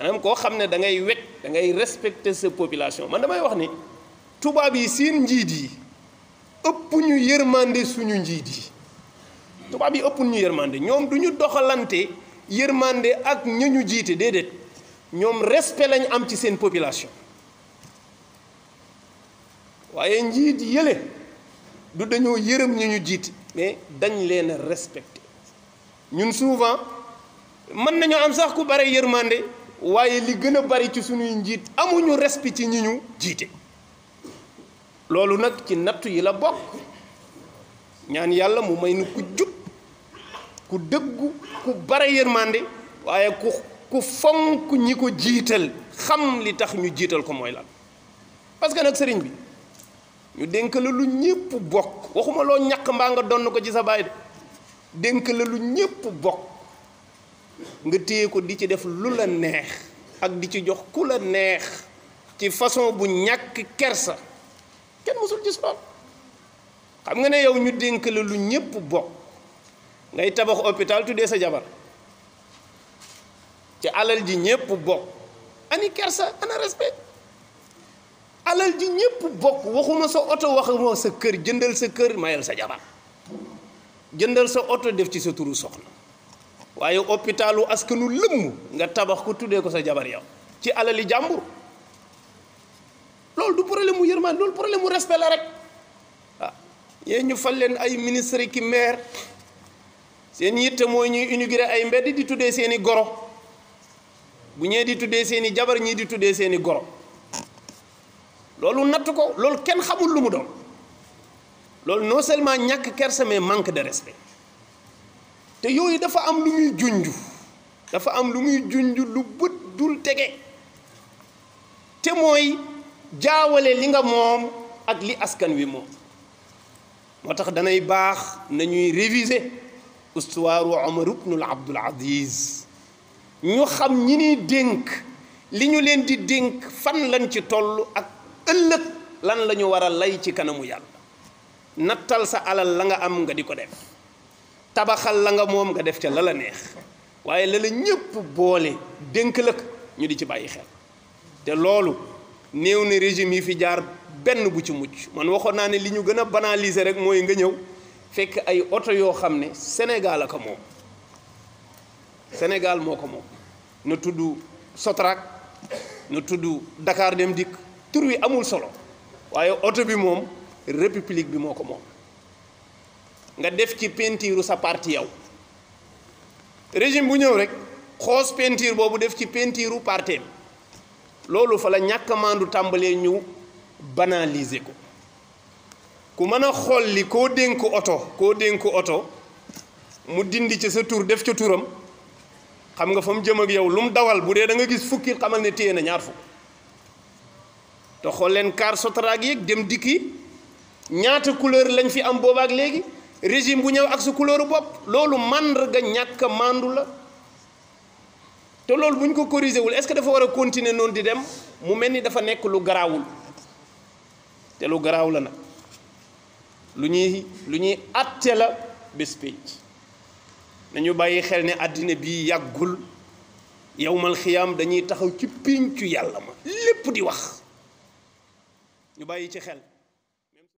maanaam ko xam da ngay wekk da ngay respecter sa population man damay wax ni tubaab yi seen njidi epp ñu yërmande suñu njidi yi tubaab yi ëpp ñu yërmande ñom duñu doxalante yërmande ak ñu jité jiite ñom respect lañ am ci seen population waye njidi yele du dañoo yërëm ñu ñu jiite mais dañ leen a respecté ñun souvent mën nañu am sax ku bare yërmande. waaye li gën a bari ci suñuy njiit amuñu respect ci ñi ñu jiite loolu nag ci nattu yi la bokk ñaan yàlla mu may nu ku jub ku dëggu ku bare yërmande waaye ku ku fonk ñi ko jiital xam li tax ñu jiital ko mooy lan parce que nag sëriñ bi ñu dénk la lu ñépp bokk waxuma loo ñàkk mbaa nga donn ko ci sa baay de dénk la lu ñépp bokk nga téye ko di ci def lu la neex ak di ci jox ku la neex ci façon bu ñàkk kersa kenn musul gis lool xam nga ne yow ñu dénk la lu ñépp bokk ngay tabax hôpital tuddee sa jabar ci alal ji ñépp bokk ani kersa ana respect alal ji ñépp bokk waxuma sa oto waxuma sa kër jëndal sa kër mayal sa jabar jëndal sa oto def ci sa turu soxna waaye hôpitalu askanu lëmm nga tabax ku tuddee ko sa jabar yow ci yi jàmbur loolu du problème mu yërmaan loolu problème mu respect la rek ah ñu fal leen ay ministre ki maire seen yitte mooy ñuy inauguré ay mbedd di tuddee seeni goro bu ñee di tuddee seeni jabar ñii di tuddee seeni goro loolu natt ko loolu kenn xamul lu mu doon loolu noo seulement ñàkk kersa mais manque de respect te yooyu dafa am lu muy junj dafa am lu muy junj lu bët dul tege te mooy jaawale li nga moom ak li askan wi moom moo tax danay baax nañuy réviser histoire Omar ibnul Abdul Aziz ñu xam ñi ni dénk li ñu leen di dénk fan lañ ci toll ak ëllëg lan la ñu war a lay ci kanamu yàlla nattal sa alal la nga am nga di ko def tabaxal la nga moom nga def ca lala neex waaye la la ñépp boole dénk la ñu di ci bàyyi xel te loolu néew ne régime yi fi jaar benn bu ci mucc man waxoon naa ne li ñu gën a banaliser rek mooy nga ñëw fekk ay oto yoo xam ne Sénégal a ko moom Sénégal moo ko moom na tudd Sotrac na tudd Dakar Dem Dikk tur wi amul solo waaye oto bi moom république bi moo ko moom nga def ci peinture sa parti yow régime bu ñëw rek xoos peinture boobu def ci peinture u loolu fa la ñàkk tàmbalee ñu banaliser ko ku mën a xool li koo dénk oto koo dénk oto mu dindi ci sa tur def ca turam xam nga fa mu jëm ak yow lu mu dawal bu dee da nga gis fukki xamal ne téye na ñaar fukk te xool leen car sotraak yeeg dem dikki ñaata couleur lañ fi am boobaak léegi régime bu ñëw ak sa couleur bopp loolu màndarga ñàkk a màndu la te loolu bu ñu ko corrigé wul est-ce que dafa war a continuer noonu di dem mu mel ni dafa nekk lu garaawul te lu garaaw la nag lu ñuy lu ñuy àtte la bés pénc nañu bàyyi xel ne àddina bi yàggul yowmal xiyaam dañuy taxaw ci péncu yàlla ma lépp di wax ñu bàyyi ci xel